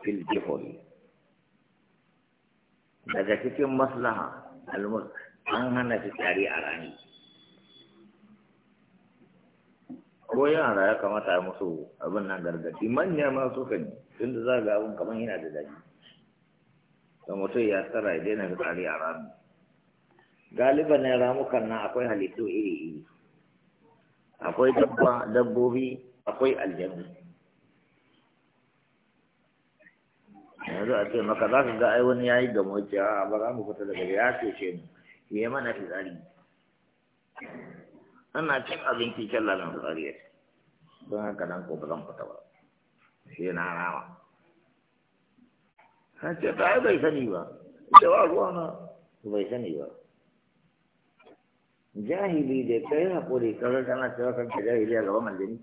fil jihuri daga cikin maslaha almulk an hana fitari a rani ko yara ya kamata a musu abin nan gargadi manya ma su kan tun da za ga abin kamar yana da daji da mutum ya tsara ya daina fitsari a rami Galiba na ramukan nan akwai halittu iri iri akwai dabbobi akwai aljanu yanzu a ce maka za ka ga ai wani yayi ga mace a ba za mu fita daga ya ce ce mu ya mana fitsari ana cin abinci can lalan fitsari ya don haka nan ko ba zan fita ba sai na rama an ce ta ai bai sani ba ita ba ruwa na bai sani ba jahili da kai haƙuri kawai kana cewa kanka jahili a gaban aljini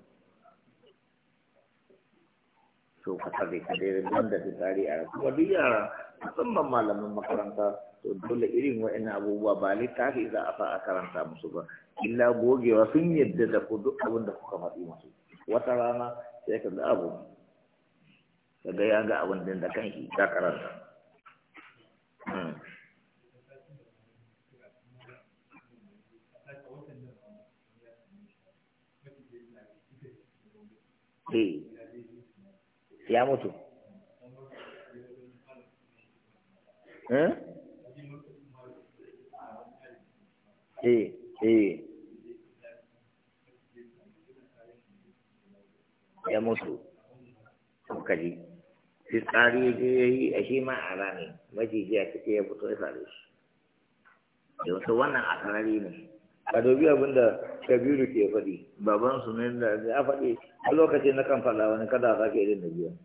to ka tsare ka dai da tsari a kuma duk yara musamman malamin makaranta to dole irin wa'annan abubuwa ba littafi za a sa a karanta musu ba illa gogewa sun yadda da ku duk abin da kuka faɗi musu wata rana sai ka ga abu ka ga ya ga abin din da kanki ka karanta Hey. Hmm. Eh. ya mutu eh eh, eh. ya mutu kaji fitsari da ya yi a shi ma a rami majiji a cikin ya fito ya sare shi da wannan a sarari ne a dobi abin da kabiru ke faɗi baban su ne da ya faɗi a lokacin na kan faɗa wani kada za ka irin da biyan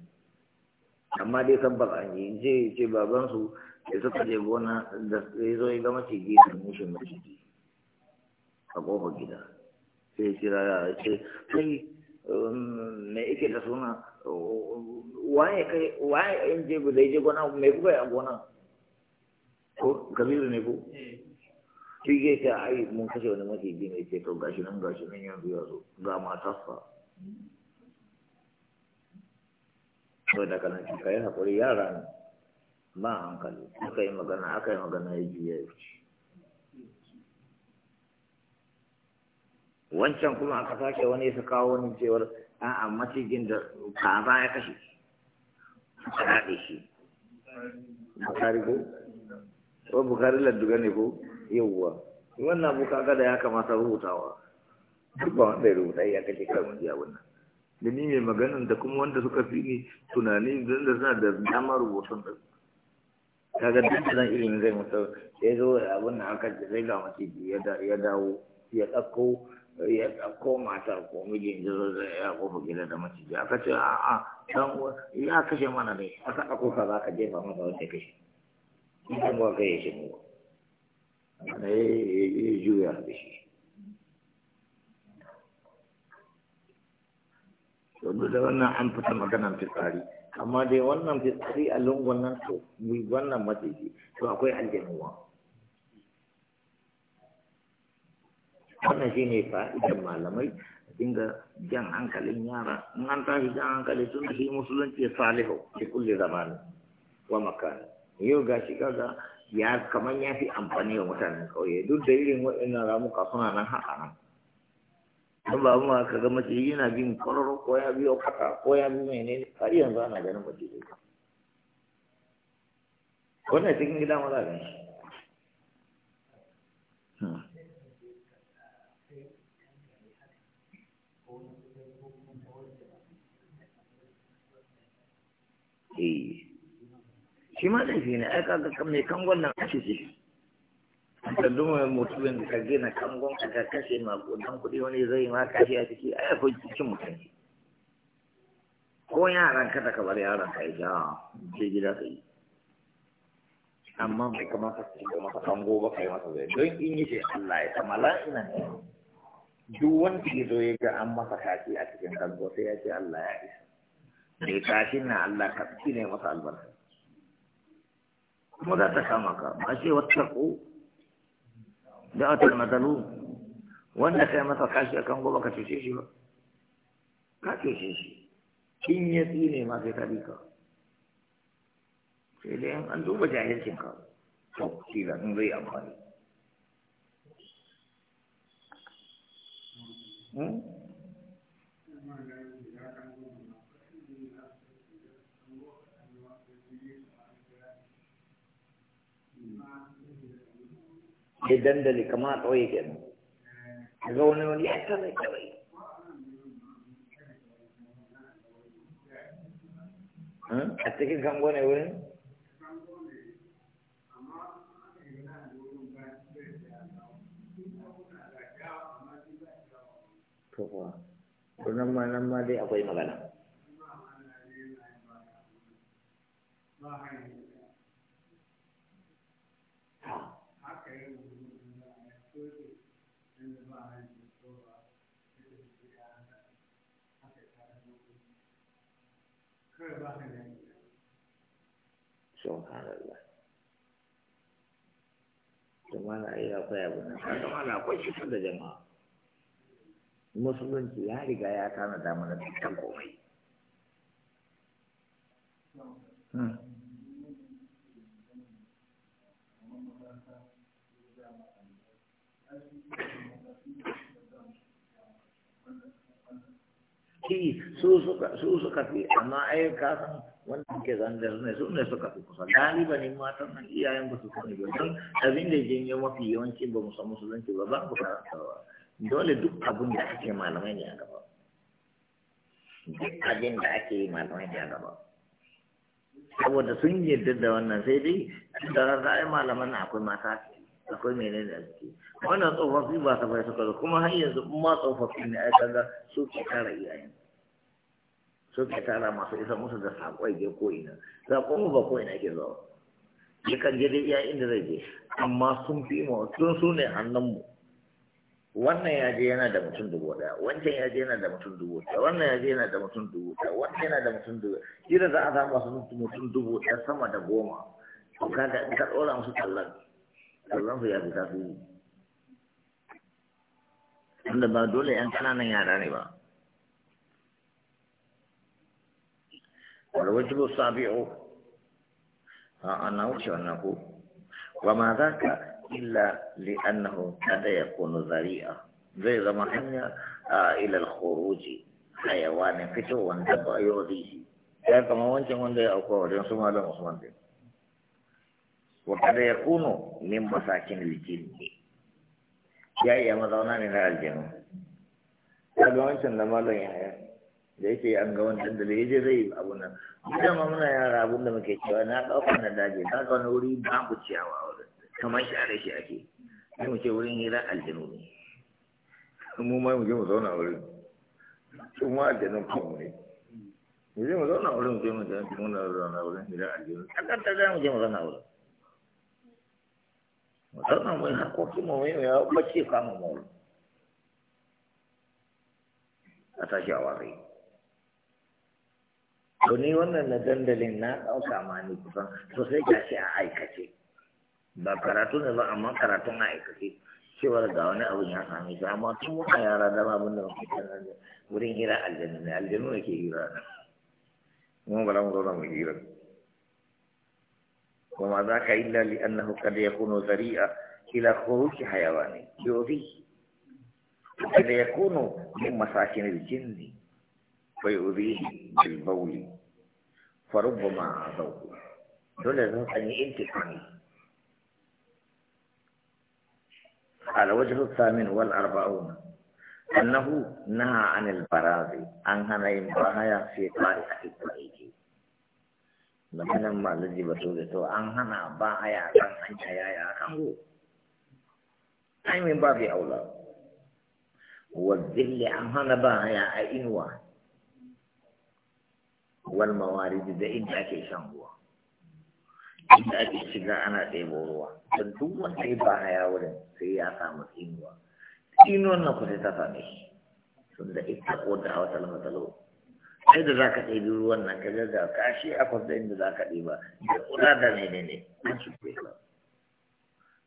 amma dai tabbas an yi ce ce baban su da suka je gona da ya zo ya ga maciji da mushin maciji a ƙofa gida sai ya kira ya ce kai um, me ike da suna waye kai waye in je da je gona me kuka yi a gona ko kabiru ne ko eh. shi ke ce ai mun kashe wani maciji ne ce to gashi nan gashi nan yanzu ya zo ga matarsa to da kana shi kai hakuri yara ne ba hankali aka yi magana aka yi magana ya ji ya ci wancan kuma aka sake wani ya kawo wani cewar a'a macijin da kaza ya kashe ka daɗe shi bukari ko ko bukari ladduga ne ko yawwa wannan abu kaga da ya kamata rubutawa duk ba wanda ya rubuta ya kace kai mun ya abin da ni mai maganin da kuma wanda suka fi ni tunani don da suna da damar rubutun da kaga duk da zan ilimin zai mutu ya zo abin da aka zai ga mace ya dawo ya ɗauko ya ɗauko matar ko mijin ya zo ya kofa gida da mace aka ce a'a dan ya kashe mana ne aka ɗauko ka za ka jefa masa wanda kashe in ba ka yi shi mu Ana ya juya da shi to da wannan an fita maganan fitsari amma dai wannan fitsari a lungun nan to mu wannan matsayi to akwai aljanuwa wannan shine fa'idan malamai dinga jan hankalin yara in an tashi jan hankali tun da shi musulunci salihu fi kulle zamani wa makani yau ga gashi kaga ya kamar ya fi amfani wa mutanen ƙauye duk da irin waɗannan ramuka suna nan haka nan don ba mu ka ga mace yana bin kwararo ko ya biyo kwata ko ya bi mene har yanzu ana ganin mace ne wannan cikin gida maza ne hmm. Eh, shi ma laifi ne ai kaga kan mai kangon nan ake ce da duma mutumin da ka gina kangon a kashe ma dan kuɗi wani zai ma kashe a ciki ai akwai cikin mutane ko yaran ka ka bar yaran ka ya je gida ka yi amma bai kamata ka shiga masa kango ba kai masa zai don in yi ce Allah ya sama la'ina ne duk wanda ya zo ya ga an masa kashi a cikin kango sai ya ce Allah ya isa mai kashi na Allah ka ne masa albarka kuma za ta kama ka ba ce wata ko da a talmatalu wanda kai masa kashi kan goma ka cece shi ba ka cece shi in ya tsine ma sai ka bika sai dai an duba jahilcin ka to shi da in zai amfani Hmm? ya dandali kama a ƙauye kenan ga wani wani ya kame kawai hmm? a cikin kango ne wurin to kuwa nan ma nan ma dai akwai magana subhanallah to mana ai akwai abu nan kaga mana akwai shi da jama'a musulunci ya riga ya tana da mana dukkan komai Thank hmm. ki su suka su suka fi amma ai ka san wannan ke zangar ne su ne suka fi kusa galiba ne matan nan iyayen ba su sani ba don abin da janyo mafi yawanci ba mu san musulunci ba ba mu karantawa dole duk abin da ake malamai ne a gaba duk abin da ake yi malamai ne a gaba saboda sun yarda da wannan sai dai da ra'ayi malaman na akwai mata akwai menene da suke wannan tsofaffi ba ta bai suka kuma har yanzu ma tsofaffi ne ai kaga su ke kara iyayen suka tara masu isa musu da saƙon je ko ina saƙon mu ba ko ina ke zo ya kan je dai iya inda zai je amma sun fi mu sun su ne hannun mu wannan ya je yana da mutum dubu ɗaya wancan ya je yana da mutum dubu ɗaya wannan ya je yana da mutum dubu ɗaya wannan yana da mutum dubu shi za a samu masu mutum dubu ɗaya sama da goma to kaga in ka ɗora musu tallan tallan su ya fi tasiri wanda ba dole 'yan ƙananan yara ne ba والوجب السابع أنا وش أنه وما ذاك إلا لأنه قد يكون ذريعة زي زمحنيا إلى الخروج حيوان فتو واندب يؤذيه كان كما وانت من دي أقوى لنصم على مصمان دي وقد يكون من مساكن الجن يا يا مدونا من الجن كان وانت لما لا يعني da yake an ga wani da ya je zai yi abu nan idan ma muna yara abun da muke cewa na ɗaukar na daji na ga wani wuri babu ciyawa a wurin kamar shi share shi ake sai mu ce wurin hira aljanu ne mu ma mu je mu zauna wurin su ma aljanun kanmu ne mu je mu zauna wurin mu je mu zauna wurin hira aljanu tsakar ta za mu je mu zauna wurin mu zauna mu yi harkokin mu mai yawa bacci kama mu wurin a tashi a wari. to ni wannan na dandalin na ɗauka ma ni kusan to sai ga shi a aikace ba karatu ne ba amma karatun a aikace cewar ga wani abin ya same shi amma tun muka yara dama abin da muke kan nan wurin hira aljanu ne aljanu ne ke hira nan mu ba mu zauna mu hira وما ذاك إلا لأنه قد يكون ذريئا إلى خروج حيوانه يؤذيه قد يكون من مساكن ne. فيؤذيه بالبول فربما دون ذلك أن انتقامي على وجه الثامن والأربعون أنه نهى عن البراغي عن هنين بهايا في طارق الطريق لما ما الذي بتولته عن هنا بهايا عن هنجايا يا كانغو أي من باب أولى والذل عن هنا بهايا أي إنوان wal mawaridi da inda ake shan ruwa inda ake shiga ana ɗebo ruwa don duk wanda ya ba haya wurin sai ya samu tsinuwa tsinuwan na ku ta same shi sun da ita ko da hawa talmatalo sai da za ka ɗebi ruwan nan ka ga kashi a kwasa inda za ka ɗeba da kula da ne ne ne an su ke ba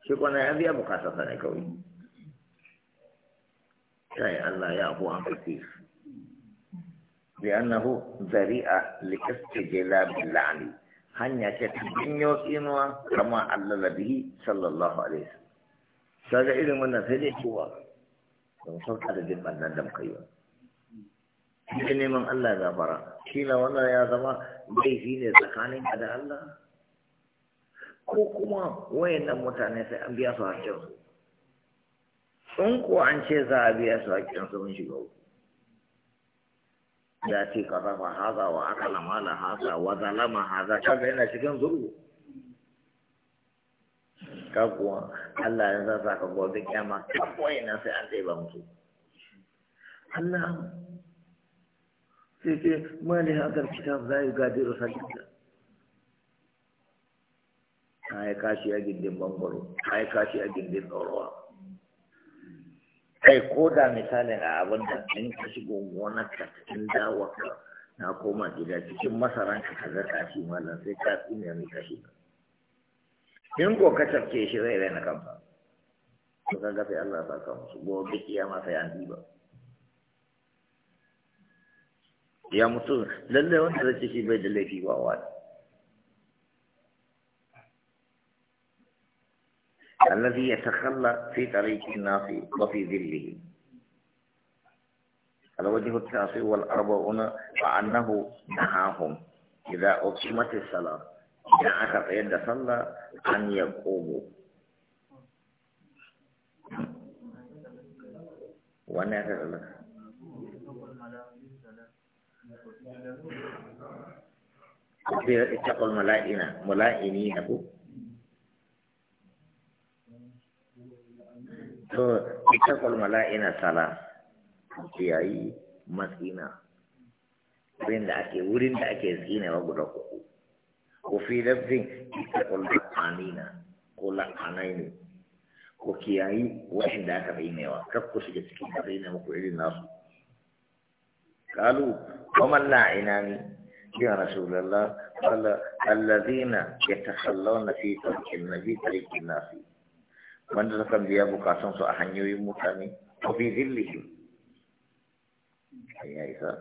shi kwanan ya biya bukatar sa ne kawai sai Allah ya abu an fi لأنه ذريعة لاستجلاب اللعن hanya ce ta janyo tsinuwa kama allala bihi sallallahu alaihi wasallam sai irin wannan sai dai cewa don sauka da jin bannan da muka yi ba shi neman Allah ya gafara shi na wannan ya zama laifi ne tsakanin ka da Allah ko kuma wayannan mutane sai an biya su hakkin su in ko an ce za a biya su hakkin su mun shiga uku ya ce kaza haza wa aka lamala haza wa zalama haza kaga yana cikin zuru ka kuwa Allah ya zasa ka gobe kyama ka koyi nan sai an ba mutu Allah sai ce mali hadar kitab za yi gadiru sajida ka yi kashi a gindin bangaro ka yi kashi a gindin tsorowa kai ko da misalin a abin da in ka shigo gonar ka cikin dawar ka na koma gida cikin masaran ka ka zaka shi mallan sai ka tsina ni ka shi in ko ka tafke shi zai raina kanka to ka Allah ya ka musu gobe sai an diba ya mutu lallai wanda zai ci bai da laifi ba wani الذي يتخلى في طريق الناس وفي ذله الوجه التاسع والأربعون وأنه نهاهم إذا أقيمت الصلاة إذا أخذ يد صلى أن يقوموا وأنا أخذ لك اتقوا الملائنة ملائنين أبو to ita kwalmala ina sala yayi matsina wurin da ake wurin da ake wa guda uku ko fi lafzin ita kwalmala ko la'anaini ko kiyayi da aka bainewa kar ku shiga cikin da baina muku irin nasu قالوا ومن لعنان يا رسول الله قال الذين يتخلون في ترك النبي ترك الناس wanda suka biya bukatunsu a hanyoyin mutane ko fi zillihim ya isa